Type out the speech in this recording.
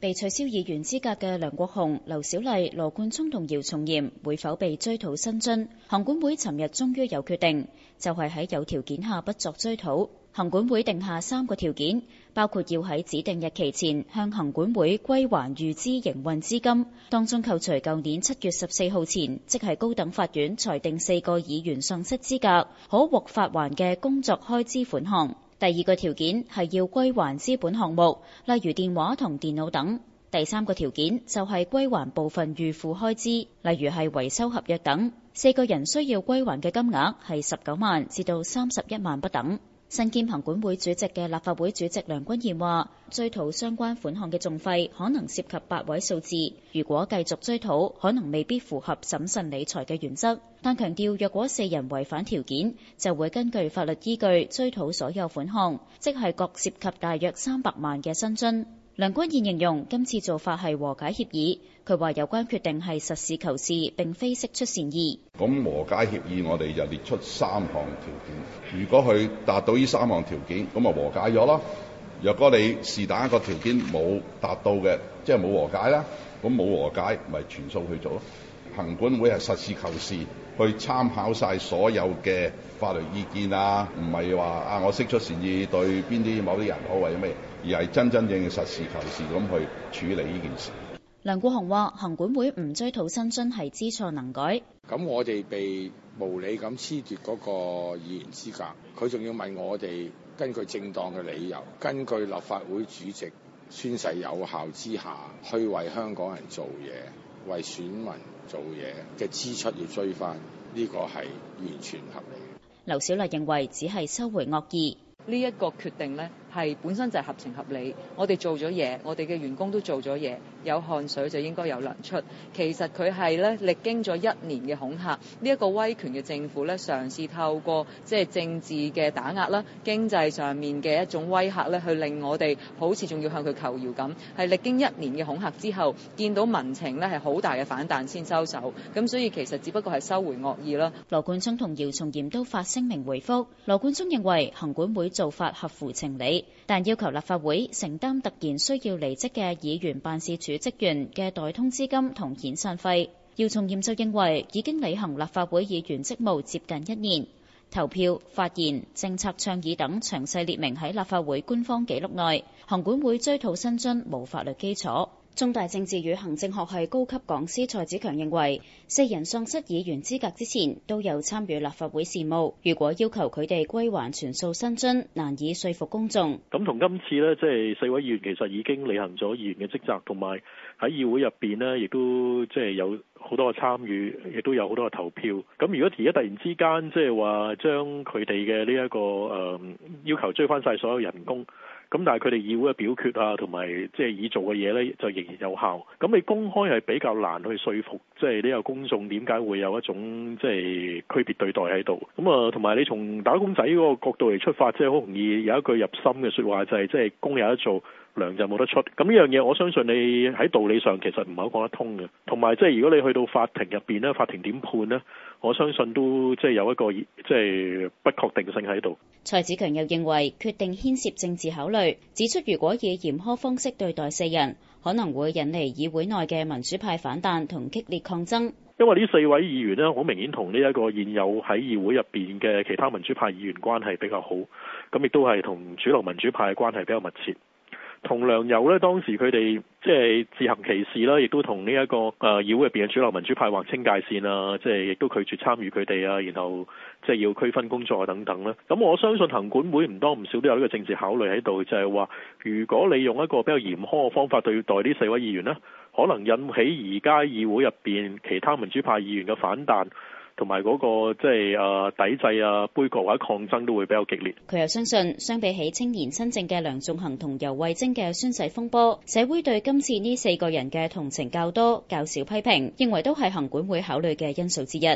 被取消議員資格嘅梁國雄、劉小麗、羅冠聰同姚松炎會否被追討薪津？行管會尋日終於有決定，就係喺有條件下不作追討。行管會定下三個條件，包括要喺指定日期前向行管會歸還預支營運資金，當中扣除舊年七月十四號前，即係高等法院裁定四個議員喪失資格可獲發還嘅工作開支款項。第二個條件係要歸還資本項目，例如電話同電腦等；第三個條件就係歸還部分預付開支，例如係維修合約等。四個人需要歸還嘅金額係十九萬至到三十一萬不等。身兼行管會主席嘅立法會主席梁君彥話：追討相關款項嘅訟費可能涉及八位數字，如果繼續追討，可能未必符合審慎理財嘅原則。但強調，若果四人違反條件，就會根據法律依據追討所有款項，即係各涉及大約三百萬嘅薪津。梁君彥形容今次做法係和解協議，佢話有關決定係實事求是，並非釋出善意。咁和解協議我哋就列出三項條件，如果佢達到呢三項條件，咁啊和解咗咯。若果你是但一個條件冇達到嘅，即係冇和解啦，咁冇和解咪全數去做咯。行管會係實事求是去參考晒所有嘅法律意見啊，唔係話啊我釋出善意對邊啲某啲人可為咩，而係真真正正實事求是咁去處理呢件事。梁國雄話：行管會唔追討薪津係知錯能改。咁我哋被無理咁褫奪嗰個議員資格，佢仲要問我哋根據正當嘅理由，根據立法會主席宣誓有效之下去為香港人做嘢。為選民做嘢嘅支出要追翻，呢、這個，係完全合理。劉小麗認為，只係收回惡意呢一、這個決定咧。係本身就係合情合理，我哋做咗嘢，我哋嘅員工都做咗嘢，有汗水就應該有糧出。其實佢係咧歷經咗一年嘅恐嚇，呢一個威權嘅政府咧，嘗試透過即係政治嘅打壓啦，經濟上面嘅一種威嚇咧，去令我哋好似仲要向佢求饒咁。係歷經一年嘅恐嚇之後，見到民情咧係好大嘅反彈，先收手。咁所以其實只不過係收回惡意啦。羅冠聰同姚松炎都發聲明回覆。羅冠聰認為行管會做法合乎情理。但要求立法會承擔中大政治與行政學系高級講師蔡子強認為，四人喪失議員資格之前都有參與立法會事務，如果要求佢哋歸還全數薪津，難以説服公眾。咁同今次呢，即係四位議員其實已經履行咗議員嘅職責，同埋喺議會入邊呢亦都即係有好多嘅參與，亦都有好多嘅投票。咁如果而家突然之間即係話將佢哋嘅呢一個誒要求追翻晒所有人工。咁但係佢哋議會嘅表決啊，同埋即係已做嘅嘢咧，就仍然有效。咁你公開係比較難去說服，即係呢個公眾點解會有一種即係、就是、區別對待喺度？咁啊，同埋你從打工仔嗰個角度嚟出發即係好容易有一句入心嘅說話，就係即係工有得做，糧就冇得出。咁呢樣嘢，我相信你喺道理上其實唔係好講得通嘅。同埋即係如果你去到法庭入邊咧，法庭點判咧？我相信都即係有一個即係、就是、不確定性喺度。蔡子強又認為決定牽涉政治考慮。指出，如果以嚴苛方式對待四人，可能會引嚟議會內嘅民主派反彈同激烈抗爭。因為呢四位議員咧，好明顯同呢一個現有喺議會入邊嘅其他民主派議員關係比較好，咁亦都係同主流民主派嘅關係比較密切。同梁游呢，當時佢哋即係自行其事啦，亦都同呢一個誒議會入面嘅主流民主派劃清界線啊，即係亦都拒絕參與佢哋啊，然後即係要區分工作啊等等啦。咁我相信行管會唔多唔少都有一個政治考慮喺度，就係話，如果你用一個比較嚴苛嘅方法對待呢四位議員呢，可能引起而家議會入面其他民主派議員嘅反彈。同埋嗰個即係誒抵制啊杯葛或者抗爭都會比較激烈。佢又相信，相比起青年新政嘅梁頌恒同游蕙禎嘅宣誓風波，社會對今次呢四個人嘅同情較多，較少批評，認為都係行管會考慮嘅因素之一。